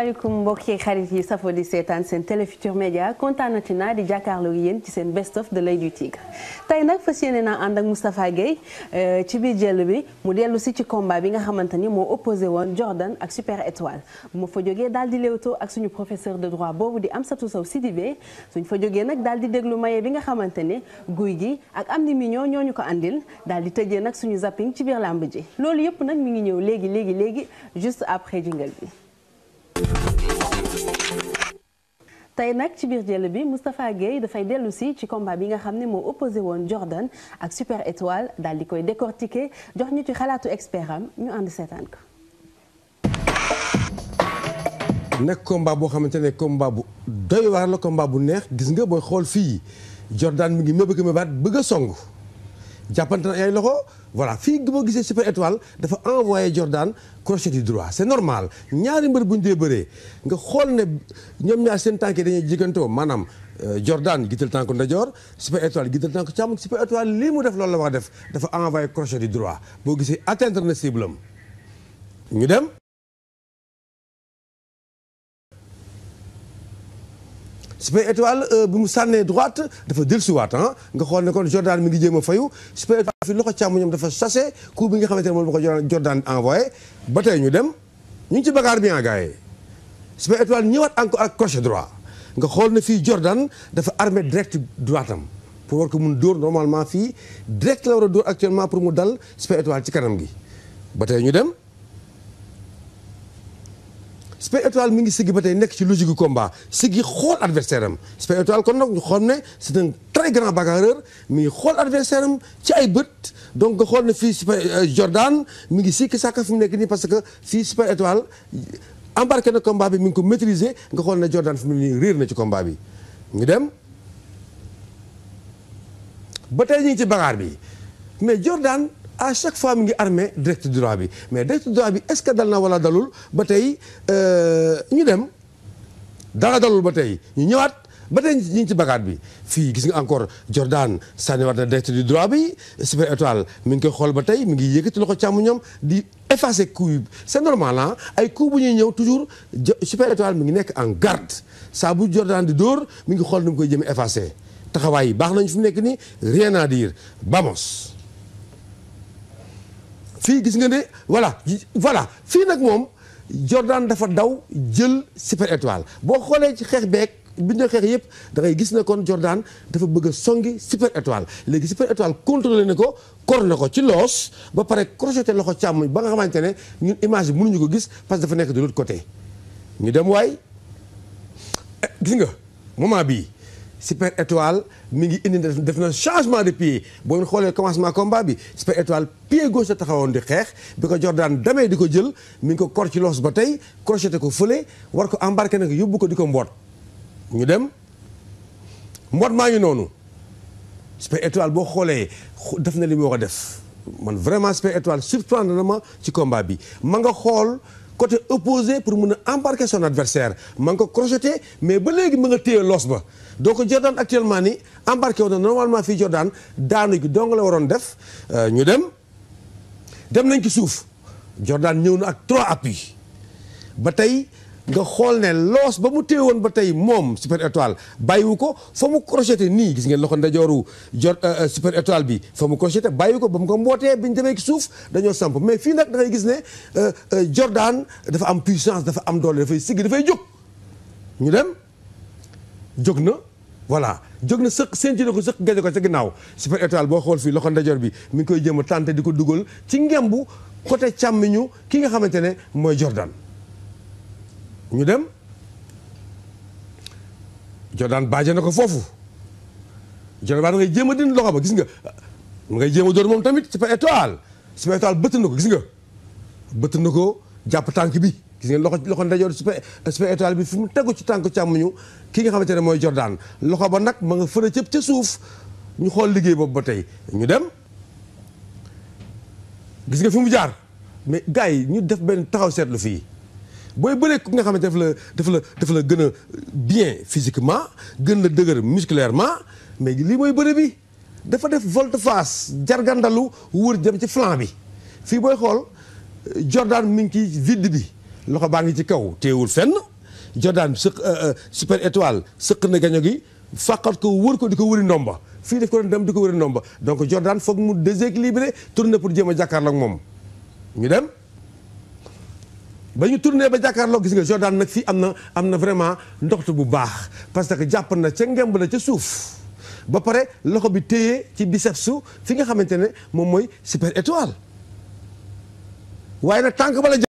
asalaamaaleykum mbokki xarit yi safo di seetaan seen Télé Futurs Médias kontaanati naa di jàkkaarloo yéen ci seen best of de l'Oeil du Tigre nag fas yéene ànd ak Moustapha Gueye euh, ci biir jël bi mu dellu si ci combat bi nga xamante ni moo opposé woon Jordan ak Super Étoile bu fa jógee daal di léewtoo ak suñu professeur de droit boobu di Amsatou Sow bee suñ fa jógee nag daal di déglu maye bi nga xamante ne guy gi ak am ni mignon ñooñu ko andil daal di tëjee nag suñu zapping ci biir làmb ji loolu yëpp nag mi ngi ñëw léegi léegi léegi juste après jingle bi tey nag ci biir jël bi Moustapha Gueye dafay dellusi ci combat bi nga xam ne moo opposé woon Jordan ak Super Étoile daal di koy décortiquer jox ñu ci xalaatu expert am ñu ànd seetaan ko. nekk komba boo xamante ne combat bu doy waar la combat bu neex gis nga booy xool fii Jordan mi ngi mébëgg mébaat bëgg a song. jàppante na ay loxo voilà fii boo gisee Super Étoile dafa envoyé Jordan crochet du droit c'est normal ñaari mbër bu ñu dee bëree nga xool ne ñoom ñaar seen tànk yi dañuy jigantoo maanaam euh, Jordan gittal tànku ndajoor Super Étoile gittal tànku càmm Super Étoile lii mu def loolu la wax def dafa envoyé crochet du droit boo gisee atteindre na cible ñu dem Super Étoile euh, bi mu sànnee droite dafa dellusiwaat ah nga xool ne kon Jordan mi ngi jéem a fayu Super Étoile fi loxo càmmoñam dafa chassé coup bi nga xamante ne moom la ko Jordan envoyé ba tey ñu dem ñu ngi ci bagaar bi en gars yi Super Étoile ñëwaat encore ak crochet droit nga xool ne fii Jordan dafa armé direct droitam pour war ko mun dóor normalement fii direct la war a dóor actuellement pour mu dal Super Étoile ci kanam gi ba ñu dem Spain Étoile mi ngi siggi ba tey nekk ci logique gu combat siggi xool adversaire am Spain Étoile kon nag ñu xam ne c'est un très grand bagarreur mi ngi xool adversaire am ci ay bët donc nga xool ne fii Spain euh, Jordan mi ngi sikki sàkka fi mu nekk nii parce que fii Spain Étoile embarqué na combat bi mi ngi ko maîtriser nga xool ne Jordan fi mu nii réer na ci combat bi ñu dem ba tey ñu ngi ci bagaar bi mais Jordan à chaque fois mi ngi armé direct droit bi mais direct droit bi est-ce que dal na wala dalul ba tey euh, ñu dem dara dalul ba tey ñu ñëwaat ba tey ñu ngi ci bagaat bi fii gis nga encore Jordan sànniwaat na direct du droit bi super étoile mi ngi koy xool ba tey mi ngi yëkkati loxo càmm ñoom di effacer coup yi c'est ay coup bu ñuy ñëw toujours super étoile mi ngi nekk en garde saabu bu Jordan di dóor mi ngi xool nu mu koy jëm effacer taxawaay yi baax nañu fi nekk nii rien à dire vamos. fii gis nga ne voilà voilà fii nag moom jordaan dafa daw jël super étoile boo xoolee ci xeex beeg bi ñu xeex yëpp dangay gis ne kon Jordan dafa bëgg a songi super étoile léegi super étoile contrôlé na ko corne ko ci loos ba pare crocheté loxo càmmoñ ba nga xamante ne ñun image bi mënuñu ko gis parce que dafa nekk de l'autre ñu dem waay eh, gis nga moment bii super étoile mi ngi indi def na changement de pied boo ngeen xoolee commencement combat bi super étoile pied gauche la taxawoon di xeex bi ko daan damee di ko jël mi ngi ko kor ci ba tey crocheté ko fële war ko embarqué nag yóbbu ko di ko mboot ñu dem mboot maa ngi noonu super étoile boo xoolee def na li mu war a def man vraiment super étoile surprendre na ma ci combat bi ma nga xool côté opposé pour mun a embarquer son adversaire ma ngi ko crocheté mais ba léegi ma nga téye loos ba ko Jordan actuellement ni embarqué woon na normalement fii Jordan daanu gi dong la waroon def euh, ñu dem dem nañ ki suuf Jordan ñëw na ak trois appuis ba tey nga xool ne loos ba mu woon ba tey moom super étoile bàyyiwu ko fa mu crocheté nii gis ngeen loxo ndajooru jot euh, euh, super étoile bi fa mu crocheté bàyyiwu ko ba mu ko mbootee bi ñu demee ci suuf dañoo samp mais fii nag dafay gis ne euh, Jordan dafa am puissance dafa am doole dafay dafay jóg ñu dem jóg na voilà jóg na sëq séntu ko sëq gaje ko ca ginnaaw super étoile boo xool fii loxo ndajoor bi mi ngi koy jéem a tànte di ko dugal ci ngembu côté càmmiñu ki nga xamante ne mooy Jordan ñu dem Jordan baaje na ko foofu Jordan ngay jéem a dindi loxo ba gis nga mu ngay jéem moom tamit Super Étoile Super Étoile bëtt na ko gis nga bëtt na ko jàpp tànk bi gis ngeen loxo loxo ndajoor Super Étoile bi fi mu tegu ci tànk càmmuñu ki nga xam ne ne mooy Jordan loxo ba nag ma nga fëra cëp ca suuf ñu xool liggéey boobu ba tey ñu dem gis nga fi mu jaar mais gars yi ñu def benn taxaw seetlu fii booy bëree ku nga xam ne la daf la daf la gën a bien physiquement gën la dëgër musculairement mais lii mooy bëre bi dafa def volte face jargandalu wër jëm ci flanc bi fii booy xool Jordan mi ki ci bi loxo baa ngi ci kaw teewul fenn Jordan sëq euh, euh, super étoile sëq na gaño gi fàqat ko wër ko di ko wëri ndomba fii def ko dem di ko wëri ndomba donc jordaan foog mu déséquilibré tourné pour jéem a jàkkaar ak moom ñu dem ba ñu tourné ba jàkkaarloo gis nga Jordan nag fi am na am na vraiment ndoxtu bu baax parce que jàpp na ca ngemb la ca suuf ba pare loxo bi téye ci bicepsu fi nga xamante ne moom mooy super étoile waaye nag tànk bala